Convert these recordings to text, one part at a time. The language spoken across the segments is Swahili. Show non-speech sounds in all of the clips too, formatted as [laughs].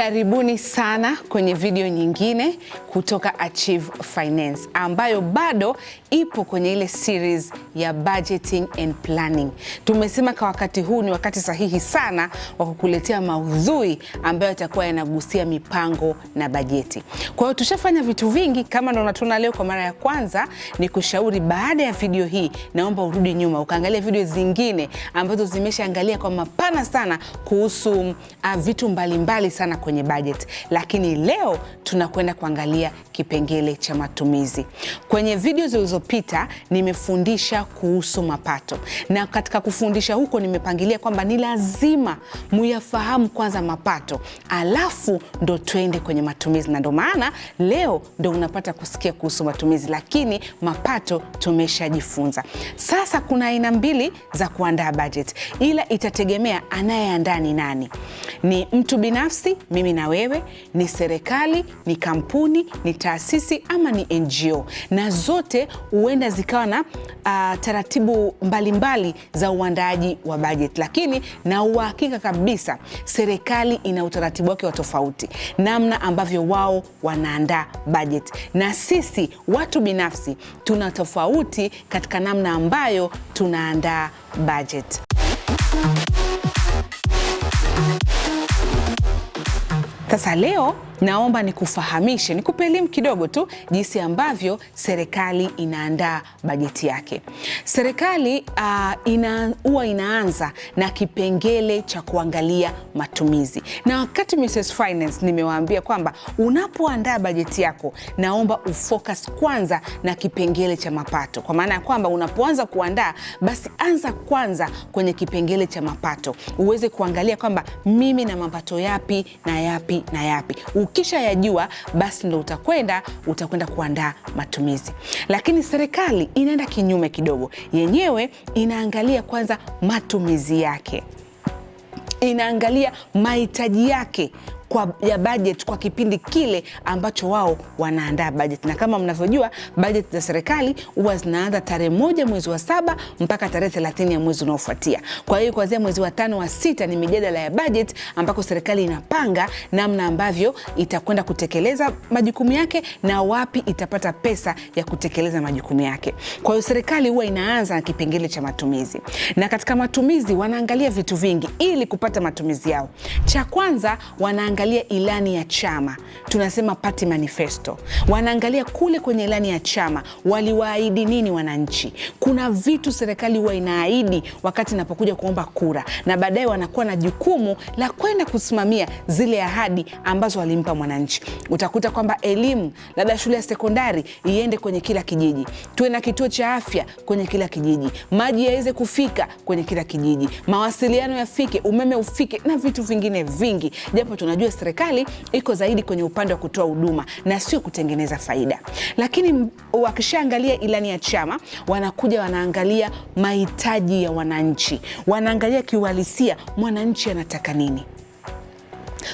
Karibuni sana kwenye video nyingine kutoka Achieve Finance ambayo bado ipo kwenye ile series ya budgeting and planning. Tumesema kwa wakati huu ni wakati sahihi sana wa kukuletea maudhui ambayo yatakuwa yanagusia mipango na bajeti. Kwa hiyo tushafanya vitu vingi, kama ndo unatuna leo kwa mara ya kwanza, ni kushauri baada ya video hii, naomba urudi nyuma ukaangalia video zingine ambazo zimeshaangalia kwa mapana sana kuhusu uh, vitu mbalimbali mbali sana kwenye kwenye bajeti, lakini leo tunakwenda kuangalia kipengele cha matumizi. Kwenye video zilizopita nimefundisha kuhusu mapato, na katika kufundisha huko nimepangilia kwamba ni lazima muyafahamu kwanza mapato, alafu ndo twende kwenye matumizi, na ndo maana leo ndo unapata kusikia kuhusu matumizi, lakini mapato tumeshajifunza. Sasa kuna aina mbili za kuandaa bajeti, ila itategemea anayeandaa ni nani, ni mtu binafsi mimi na wewe, ni serikali, ni kampuni, ni taasisi ama ni NGO, na zote huenda zikawa na uh, taratibu mbalimbali za uandaaji wa bajeti, lakini na uhakika kabisa serikali ina utaratibu wake wa tofauti, namna ambavyo wao wanaandaa bajeti, na sisi watu binafsi tuna tofauti katika namna ambayo tunaandaa bajeti. Sasa leo naomba nikufahamishe, nikupe elimu kidogo tu jinsi ambavyo serikali inaandaa bajeti yake. Serikali uh, ina, huwa inaanza na kipengele cha kuangalia matumizi, na wakati Mrs Finance nimewaambia kwamba unapoandaa bajeti yako, naomba ufocus kwanza na kipengele cha mapato, kwa maana ya kwamba unapoanza kuandaa, basi anza kwanza kwenye kipengele cha mapato uweze kuangalia kwamba mimi na mapato yapi na yapi na yapi yajua basi ndo utakwenda utakwenda kuandaa matumizi. Lakini serikali inaenda kinyume kidogo, yenyewe inaangalia kwanza matumizi yake inaangalia mahitaji yake kwa, ya bajeti kwa kipindi kile ambacho wao wanaandaa bajeti. Na kama mnavyojua bajeti za serikali huwa zinaanza tarehe moja mwezi wa saba mpaka tarehe thelathini ya mwezi unaofuatia. Kwa hiyo kuanzia mwezi wa tano wa sita ni mijadala ya bajeti ambako serikali inapanga namna ambavyo itakwenda kutekeleza majukumu yake na wapi itapata pesa ya kutekeleza majukumu yake. Kwa hiyo serikali huwa inaanza na kipengele cha matumizi, na katika matumizi wanaangalia vitu vingi ili kupata matumizi yao. Cha kwanza wanaangalia wanaangalia ilani ya chama, tunasema party manifesto. Wanaangalia kule kwenye ilani ya chama waliwaahidi nini wananchi. Kuna vitu serikali huwa inaahidi wakati inapokuja kuomba kura, na baadaye wanakuwa na jukumu la kwenda kusimamia zile ahadi ambazo walimpa mwananchi. Utakuta kwamba elimu, labda shule ya sekondari iende kwenye kila kijiji, tuwe na kituo cha afya kwenye kila kijiji, maji yaweze kufika kwenye kila kijiji, mawasiliano yafike, umeme ufike na vitu vingine vingi, japo tunajua hiyo serikali iko zaidi kwenye upande wa kutoa huduma na sio kutengeneza faida. Lakini wakishaangalia ilani ya chama, wanakuja wanaangalia mahitaji ya wananchi, wanaangalia kiuhalisia mwananchi anataka nini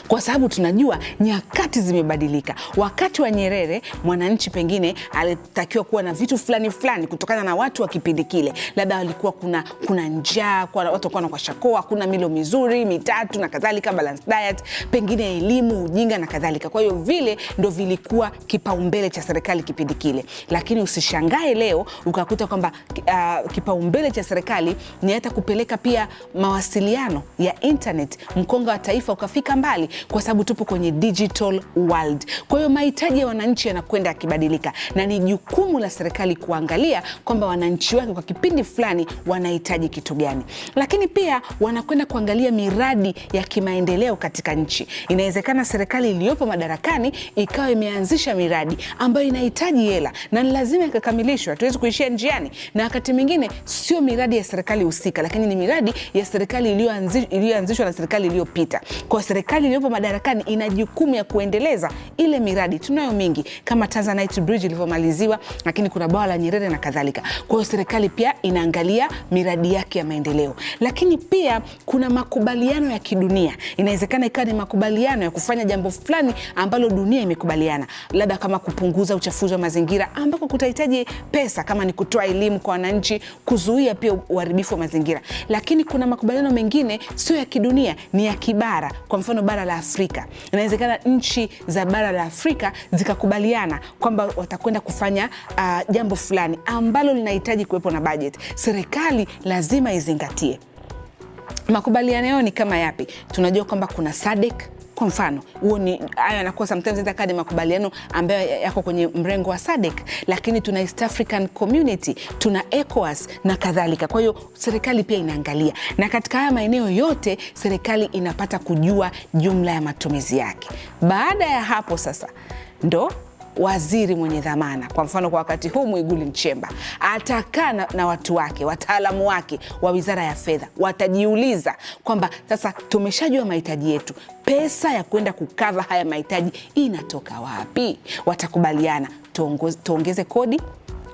kwa sababu tunajua nyakati zimebadilika. Wakati wa Nyerere mwananchi pengine alitakiwa kuwa na vitu fulani fulani kutokana na watu wa kipindi kile, labda walikuwa kuna, kuna njaa, watu walikuwa na kwashakoa, kuna milo mizuri mitatu na kadhalika, diet, pengine elimu, ujinga na kadhalika. Kwa hiyo vile ndo vilikuwa kipaumbele cha serikali kipindi kile, lakini usishangae leo ukakuta kwamba uh, kipaumbele cha serikali ni hata kupeleka pia mawasiliano ya internet, mkonga wa taifa ukafika mbali mbalimbali kwa sababu tupo kwenye digital world. Kwa hiyo mahitaji ya wananchi yanakwenda yakibadilika, na ni jukumu la serikali kuangalia kwamba wananchi wake kwa kipindi fulani wanahitaji kitu gani, lakini pia wanakwenda kuangalia miradi ya kimaendeleo katika nchi. Inawezekana serikali iliyopo madarakani ikawa imeanzisha miradi ambayo inahitaji hela na ni lazima ikakamilishwa, hatuwezi kuishia njiani, na wakati mwingine sio miradi ya serikali husika, lakini ni miradi ya serikali iliyoanzishwa na serikali iliyopita kwa serikali serikali iliyopo madarakani ina jukumu ya kuendeleza ile miradi. Tunayo mingi kama Tanzanite Bridge ilivyomaliziwa, lakini kuna bwawa la Nyerere na kadhalika. Kwa hiyo serikali pia inaangalia miradi yake ya maendeleo, lakini pia kuna makubaliano ya kidunia. Inawezekana ikawa ni makubaliano ya kufanya jambo fulani ambalo dunia imekubaliana, labda kama kupunguza uchafuzi wa mazingira ambako kutahitaji pesa, kama ni kutoa elimu kwa wananchi, kuzuia pia uharibifu wa mazingira. Lakini kuna makubaliano mengine sio ya kidunia, ni ya kibara. Kwa mfano bara la Afrika. Inawezekana nchi za bara la Afrika zikakubaliana kwamba watakwenda kufanya uh, jambo fulani ambalo linahitaji kuwepo na bajeti. Serikali lazima izingatie makubaliano yao ni kama yapi? Tunajua kwamba kuna SADC kwa mfano huo ni hayo yanakuwa sometimes hata kadi makubaliano ambayo yako kwenye mrengo wa SADC, lakini tuna East African Community, tuna ECOWAS na kadhalika. Kwa hiyo serikali pia inaangalia, na katika haya maeneo yote serikali inapata kujua jumla ya matumizi yake. Baada ya hapo sasa ndo waziri mwenye dhamana, kwa mfano kwa wakati huu Mwigulu Nchemba atakaa na, na watu wake, wataalamu wake wa wizara ya fedha watajiuliza kwamba sasa tumeshajua mahitaji yetu, pesa ya kwenda kukava haya mahitaji inatoka wapi? Watakubaliana tuongeze kodi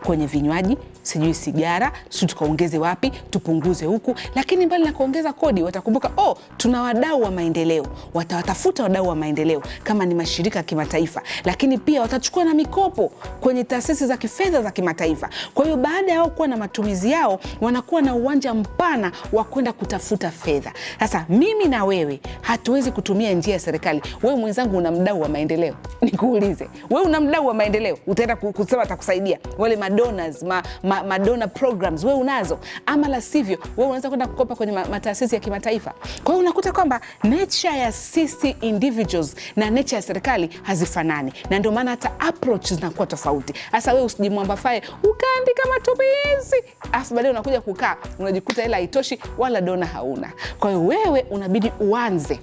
kwenye vinywaji, sijui sigara, sijui tukaongeze wapi, tupunguze huku. Lakini mbali na kuongeza kodi, watakumbuka oh, tuna wadau wa maendeleo, watawatafuta wadau wa maendeleo kama ni mashirika ya kimataifa, lakini pia watachukua na mikopo kwenye taasisi za kifedha za kimataifa. Kwa hiyo baada ya wao kuwa na matumizi yao, wanakuwa na uwanja mpana wa kwenda kutafuta fedha. Sasa mimi na wewe hatuwezi kutumia njia ya serikali. Wewe mwenzangu, una mdau wa maendeleo, [laughs] nikuulize, wewe una mdau wa maendeleo, utaenda kusema atakusaidia wale madonors ma, ma, madona programs wewe unazo, ama la sivyo wewe unaweza kwenda kukopa kwenye mataasisi ya kimataifa. Kwa hiyo unakuta kwamba nature ya sisi individuals na nature ya serikali hazifanani, na ndio maana hata approach zinakuwa tofauti. hasa wewe usijimwambafae ukaandika matumizi afu baadaye unakuja kukaa unajikuta hela haitoshi wala dona hauna. Kwa hiyo wewe unabidi uanze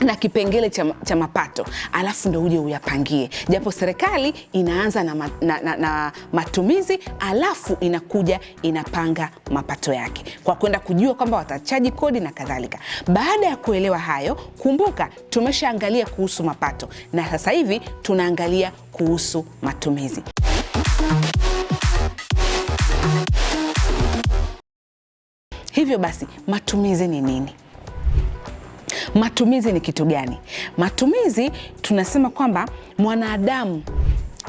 na kipengele cha, cha mapato alafu ndo uje uyapangie, japo serikali inaanza na, ma, na, na, na matumizi alafu inakuja inapanga mapato yake kwa kwenda kujua kwamba watachaji kodi na kadhalika. Baada ya kuelewa hayo, kumbuka tumeshaangalia kuhusu mapato na sasa hivi tunaangalia kuhusu matumizi. Hivyo basi matumizi ni nini? Matumizi ni kitu gani? Matumizi tunasema kwamba mwanadamu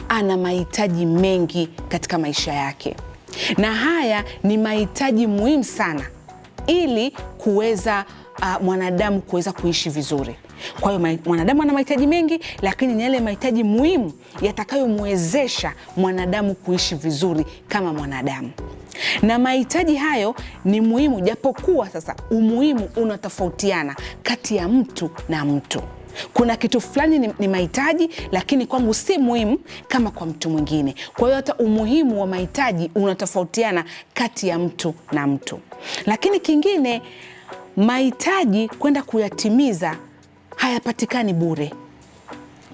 ana mahitaji mengi katika maisha yake, na haya ni mahitaji muhimu sana ili kuweza uh, mwanadamu kuweza kuishi vizuri. Kwa hiyo mwanadamu ana mahitaji mengi, lakini ni yale mahitaji muhimu yatakayomwezesha mwanadamu kuishi vizuri kama mwanadamu na mahitaji hayo ni muhimu, japokuwa sasa umuhimu unatofautiana kati ya mtu na mtu. Kuna kitu fulani ni, ni mahitaji lakini kwangu si muhimu kama kwa mtu mwingine. Kwa hiyo hata umuhimu wa mahitaji unatofautiana kati ya mtu na mtu. Lakini kingine, mahitaji kwenda kuyatimiza hayapatikani bure.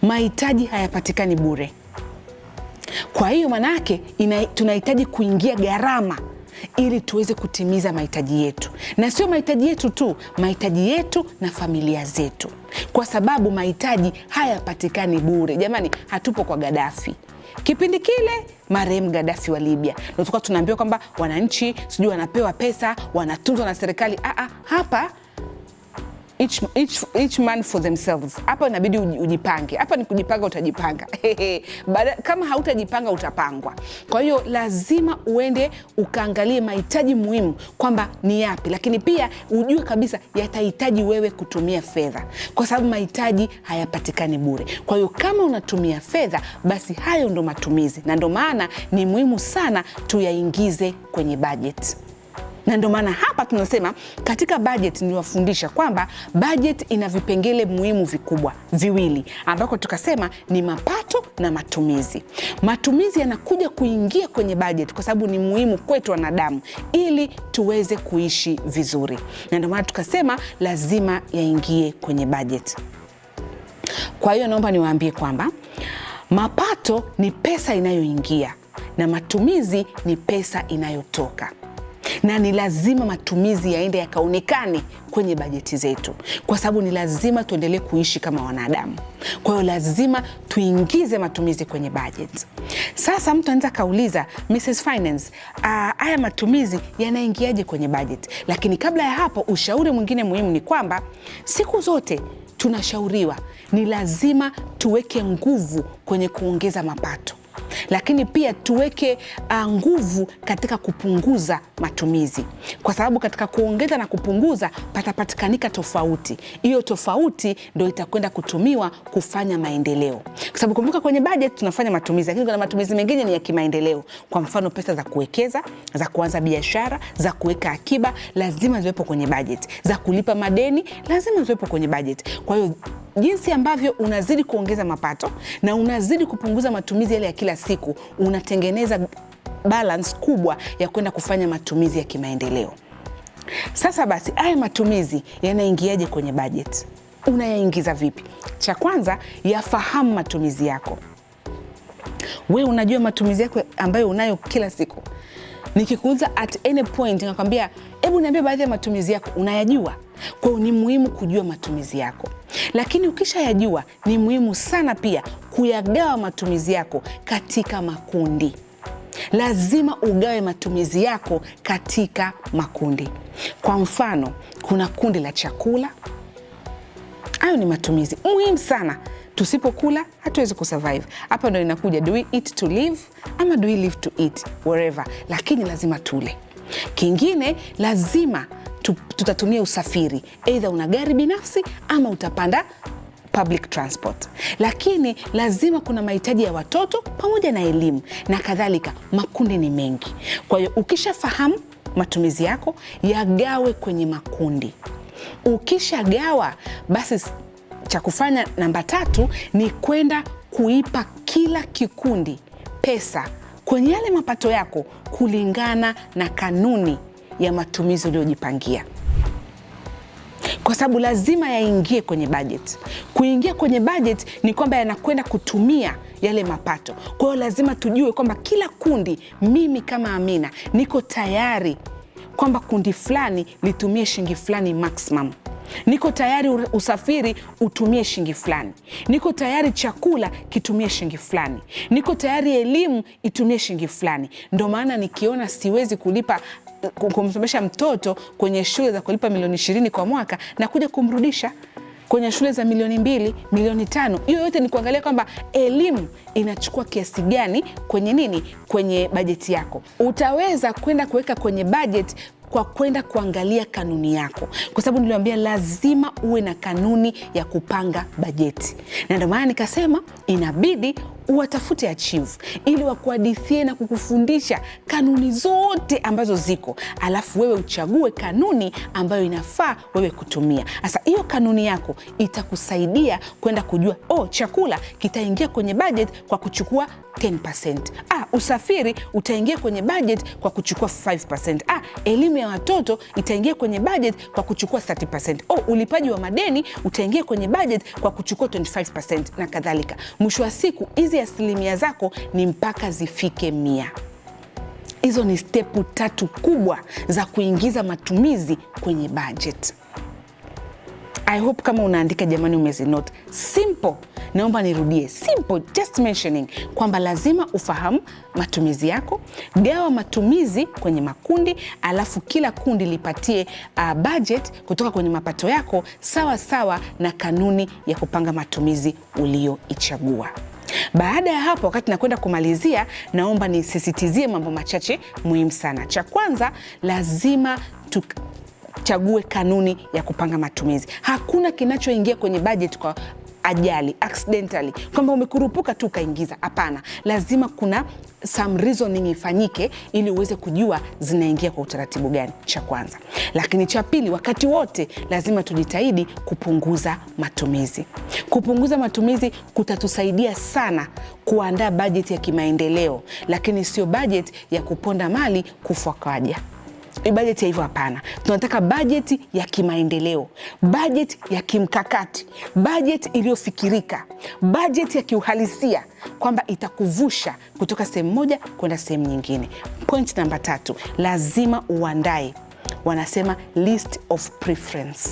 Mahitaji hayapatikani bure. Kwa hiyo manake tunahitaji kuingia gharama ili tuweze kutimiza mahitaji yetu, na sio mahitaji yetu tu, mahitaji yetu na familia zetu, kwa sababu mahitaji hayapatikani bure. Jamani, hatupo kwa Gaddafi. Kipindi kile marehemu Gaddafi wa Libya ndio tulikuwa tunaambiwa kwamba wananchi sijui wanapewa pesa, wanatunzwa na serikali. Aa, ah, ah, hapa each, each, each man for themselves. Hapa inabidi ujipange, hapa ni kujipanga, utajipanga kama hautajipanga utapangwa. Kwa hiyo lazima uende ukaangalie mahitaji muhimu kwamba ni yapi, lakini pia ujue kabisa yatahitaji wewe kutumia fedha, kwa sababu mahitaji hayapatikani bure. Kwa hiyo kama unatumia fedha, basi hayo ndo matumizi, na ndo maana ni muhimu sana tuyaingize kwenye bajeti na ndio maana hapa tunasema katika bajeti niliwafundisha kwamba bajeti ina vipengele muhimu vikubwa viwili, ambako tukasema ni mapato na matumizi. Matumizi yanakuja kuingia kwenye bajeti kwa sababu ni muhimu kwetu wanadamu ili tuweze kuishi vizuri, na ndio maana tukasema lazima yaingie kwenye bajeti. Kwa hiyo naomba niwaambie kwamba mapato ni pesa inayoingia na matumizi ni pesa inayotoka na ni lazima matumizi yaende yakaonekane kwenye bajeti zetu, kwa sababu ni lazima tuendelee kuishi kama wanadamu. Kwa hiyo lazima tuingize matumizi kwenye bajeti. Sasa mtu anaweza kauliza Mrs. Finance, ah, haya matumizi yanaingiaje kwenye bajet Lakini kabla ya hapo, ushauri mwingine muhimu ni kwamba siku zote tunashauriwa ni lazima tuweke nguvu kwenye kuongeza mapato lakini pia tuweke uh, nguvu katika kupunguza matumizi, kwa sababu katika kuongeza na kupunguza patapatikanika tofauti. Hiyo tofauti ndio itakwenda kutumiwa kufanya maendeleo, kwa sababu kumbuka, kwenye bajeti tunafanya matumizi, lakini kuna matumizi mengine ni ya kimaendeleo. Kwa mfano, pesa za kuwekeza, za kuanza biashara, za kuweka akiba lazima ziwepo kwenye bajeti, za kulipa madeni lazima ziwepo kwenye bajeti. Kwa hiyo jinsi ambavyo unazidi kuongeza mapato na unazidi kupunguza matumizi yale ya kila siku unatengeneza balance kubwa ya kwenda kufanya matumizi ya kimaendeleo. Sasa basi, haya matumizi yanaingiaje kwenye budget? Unayaingiza vipi? Cha kwanza, yafahamu matumizi yako. We unajua matumizi yako ambayo unayo kila siku. Nikikuuza at any point, nakwambia hebu niambie baadhi ya matumizi yako, unayajua? Kwa hiyo ni muhimu kujua matumizi yako, lakini ukishayajua ni muhimu sana pia kuyagawa matumizi yako katika makundi. Lazima ugawe matumizi yako katika makundi. Kwa mfano, kuna kundi la chakula. Hayo ni matumizi muhimu sana. Tusipokula hatuwezi kusurvive. Hapa ndo inakuja do we eat to live ama do we live to eat, wherever, lakini lazima tule. Kingine lazima tutatumia usafiri, aidha una gari binafsi ama utapanda public transport, lakini lazima kuna mahitaji ya watoto pamoja na elimu na kadhalika. Makundi ni mengi, kwa hiyo ukishafahamu matumizi yako yagawe kwenye makundi. Ukishagawa basi, cha kufanya namba tatu ni kwenda kuipa kila kikundi pesa kwenye yale mapato yako kulingana na kanuni ya matumizi uliojipangia, kwa sababu lazima yaingie kwenye bajeti. Kuingia kwenye bajeti ni kwamba yanakwenda kutumia yale mapato. Kwa hiyo lazima tujue kwamba kila kundi, mimi kama Amina niko tayari kwamba kundi fulani litumie shilingi fulani maximum niko tayari usafiri utumie shilingi fulani, niko tayari chakula kitumie shilingi fulani, niko tayari elimu itumie shilingi fulani. Ndo maana nikiona siwezi kulipa kumsomesha mtoto kwenye shule za kulipa milioni ishirini kwa mwaka na kuja kumrudisha kwenye shule za milioni mbili milioni tano. Hiyo yote ni kuangalia kwamba elimu inachukua kiasi gani kwenye nini, kwenye bajeti yako. Utaweza kwenda kuweka kwenye bajeti kwa kwenda kuangalia kanuni yako, kwa sababu niliwambia lazima uwe na kanuni ya kupanga bajeti, na ndio maana nikasema inabidi uwatafute achivu ili wakuadithie na kukufundisha kanuni zote ambazo ziko, alafu wewe uchague kanuni ambayo inafaa wewe kutumia. Sasa hiyo kanuni yako itakusaidia kwenda kujua oh, chakula kitaingia kwenye budget kwa kuchukua 10%. Ah, usafiri utaingia kwenye budget kwa kuchukua 5%. Ah, elimu ya watoto itaingia kwenye budget kwa kuchukua 30%. Oh, ulipaji wa madeni utaingia kwenye budget kwa kuchukua 25% na kadhalika. Mwisho wa siku hizi asilimia zako ni mpaka zifike mia. Hizo ni stepu tatu kubwa za kuingiza matumizi kwenye budget. I hope kama unaandika jamani, umezinote simple naomba nirudie, simple just mentioning kwamba lazima ufahamu matumizi yako, gawa matumizi kwenye makundi, alafu kila kundi lipatie uh, budget kutoka kwenye mapato yako sawa sawa na kanuni ya kupanga matumizi uliyoichagua. Baada ya hapo, wakati nakwenda kumalizia, naomba nisisitizie mambo machache muhimu sana. Cha kwanza, lazima tu chague kanuni ya kupanga matumizi. Hakuna kinachoingia kwenye bajeti kwa ajali accidentally, kwamba umekurupuka tu ukaingiza. Hapana, lazima kuna some reasoning ifanyike ili uweze kujua zinaingia kwa utaratibu gani, cha kwanza. Lakini cha pili, wakati wote lazima tujitahidi kupunguza matumizi. Kupunguza matumizi kutatusaidia sana kuandaa bajeti ya kimaendeleo, lakini sio bajeti ya kuponda mali kufwa Eh, bajeti ya hivyo hapana. Tunataka bajeti ya kimaendeleo, bajeti ya kimkakati, bajeti iliyofikirika, bajeti ya kiuhalisia, kwamba itakuvusha kutoka sehemu moja kwenda sehemu nyingine. Point namba tatu, lazima uandae, wanasema list of preference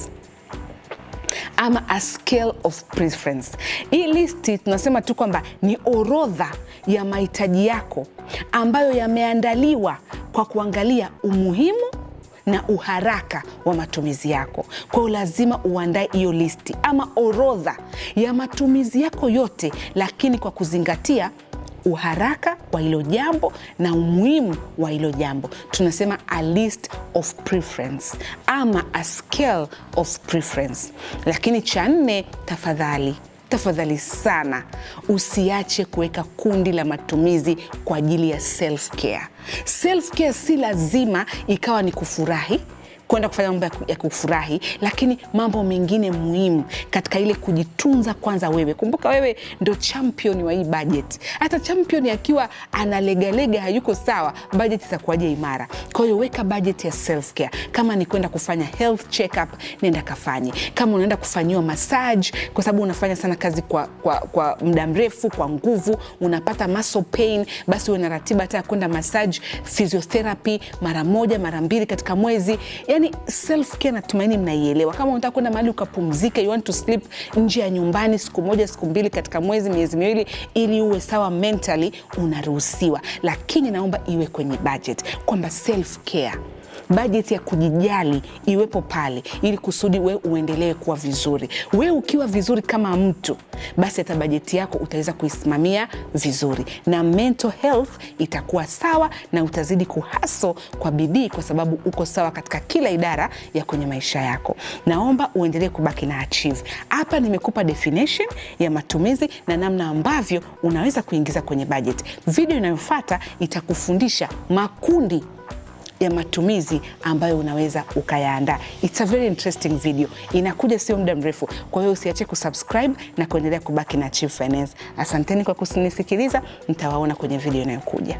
ama a scale of preference. Hii listi tunasema tu kwamba ni orodha ya mahitaji yako ambayo yameandaliwa kwa kuangalia umuhimu na uharaka wa matumizi yako. Kwa hiyo lazima uandae hiyo listi ama orodha ya matumizi yako yote, lakini kwa kuzingatia uharaka wa hilo jambo na umuhimu wa hilo jambo. Tunasema a list of preference ama a scale of preference. Lakini cha nne, tafadhali tafadhali sana usiache kuweka kundi la matumizi kwa ajili ya self care. Self care si lazima ikawa ni kufurahi kwenda kufanya mambo ya kufurahi, lakini mambo mengine muhimu katika ile kujitunza kwanza wewe. Kumbuka wewe ndo champion wa hii budget. Hata champion akiwa analegalega, hayuko sawa, budget itakuwaje imara? Kwa hiyo weka budget ya self care. Kama ni kwenda kufanya health check up, nenda kafanye. Kama unaenda kufanyiwa massage, kwa sababu unafanya sana kazi kwa, kwa, kwa muda mrefu, kwa nguvu, unapata muscle pain, basi uwe na ratiba hata ya kwenda massage, physiotherapy mara moja mara mbili katika mwezi yani yani self care natumaini mnaielewa. Kama unataka kwenda mahali ukapumzika, you want to sleep nje ya nyumbani siku moja siku mbili katika mwezi miezi miwili, ili uwe sawa mentally, unaruhusiwa, lakini naomba iwe kwenye budget, kwamba self care bajeti ya kujijali iwepo pale, ili kusudi we uendelee kuwa vizuri. We ukiwa vizuri kama mtu, basi hata bajeti yako utaweza kuisimamia vizuri, na mental health itakuwa sawa, na utazidi kuhaso kwa bidii, kwa sababu uko sawa katika kila idara ya kwenye maisha yako. Naomba uendelee kubaki na achieve. Hapa nimekupa definition ya matumizi na namna ambavyo unaweza kuingiza kwenye bajeti. Video inayofuata itakufundisha makundi ya matumizi ambayo unaweza ukayaandaa. It's a very interesting video, inakuja sio muda mrefu, kwa hiyo usiache kusubscribe na kuendelea kubaki na Chief Finance. Asanteni kwa kunisikiliza, nitawaona kwenye video inayokuja.